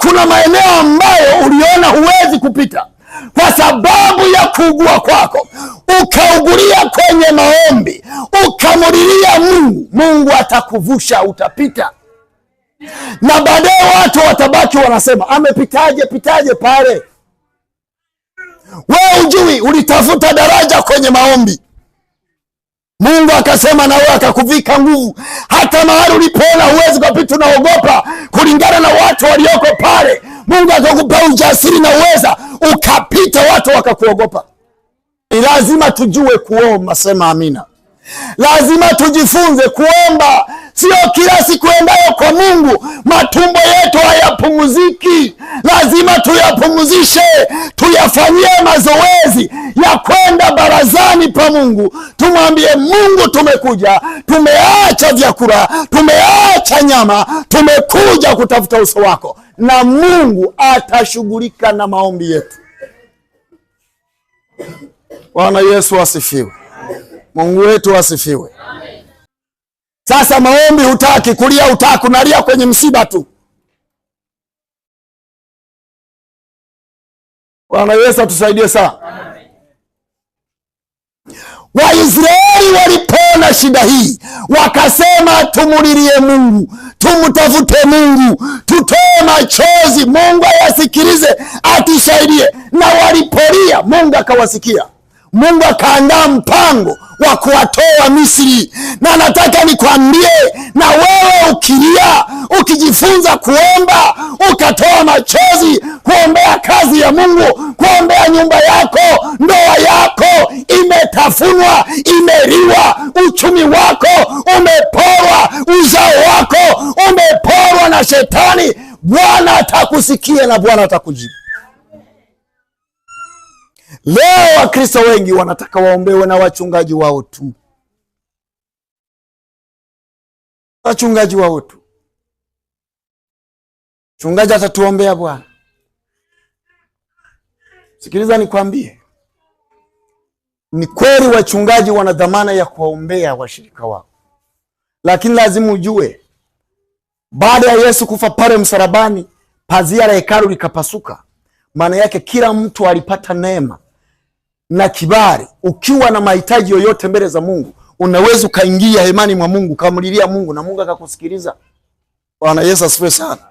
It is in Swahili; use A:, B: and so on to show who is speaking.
A: kuna maeneo ambayo uliona huwezi kupita kwa sababu ya kuugua kwako, ukaugulia kwenye maombi, ukamulilia Mungu, Mungu atakuvusha, utapita. Na baadaye watu watabaki wanasema amepitaje pitaje pale. wee ujui, ulitafuta daraja kwenye maombi, Mungu akasema, nawe akakuvika nguvu, hata mahali ulipoona huwezi kapita unaogopa kulingana na watu walioko pale, Mungu akakupa ujasiri na uweza ukapita, watu wakakuogopa. Ni lazima tujue kuomba, sema amina. Lazima tujifunze kuomba, sio kila siku endayo kwa Mungu matumbo yetu hayapumuziki. Lazima tuyapumuzishe, tuyafanyie mazoezi, ya kwenda barazani pa Mungu, tumwambie Mungu, tumekuja, tumeacha vyakula, tumeacha nyama, tumekuja kutafuta uso wako, na Mungu atashughulika na maombi yetu. Bwana Yesu asifiwe, Mungu wetu asifiwe. Sasa maombi hutaki kulia, hutaki unalia kwenye msiba tu. Bwana Yesu atusaidie sana. Waisraeli walipona shida hii, wakasema tumulilie Mungu, tumtafute Mungu, tutoe machozi, Mungu ayasikilize, atusaidie. Na walipolia Mungu akawasikia. Mungu akaandaa mpango wa kuwatoa Misri, na nataka nikwambie, na wewe ukilia, ukijifunza kuomba, ukatoa machozi kuombea kazi ya Mungu, kuombea nyumba yako, ndoa yako imetafunwa, imeriwa, uchumi wako umeporwa, uzao wako umeporwa na Shetani. Bwana atakusikia na Bwana atakujibu. Leo Wakristo wengi wanataka waombewe na wachungaji wao tu, wachungaji wao tu. Mchungaji atatuombea Bwana. Sikiliza nikwambie, ni kweli wachungaji wana dhamana ya kuwaombea washirika wao, lakini lazima ujue, baada ya Yesu kufa pale msalabani, pazia la hekalu likapasuka. Maana yake kila mtu alipata neema na kibali. Ukiwa na mahitaji yoyote mbele za Mungu, unaweza ukaingia hemani mwa Mungu, ukamlilia Mungu na Mungu akakusikiliza. Bwana Yesu asifiwe sana.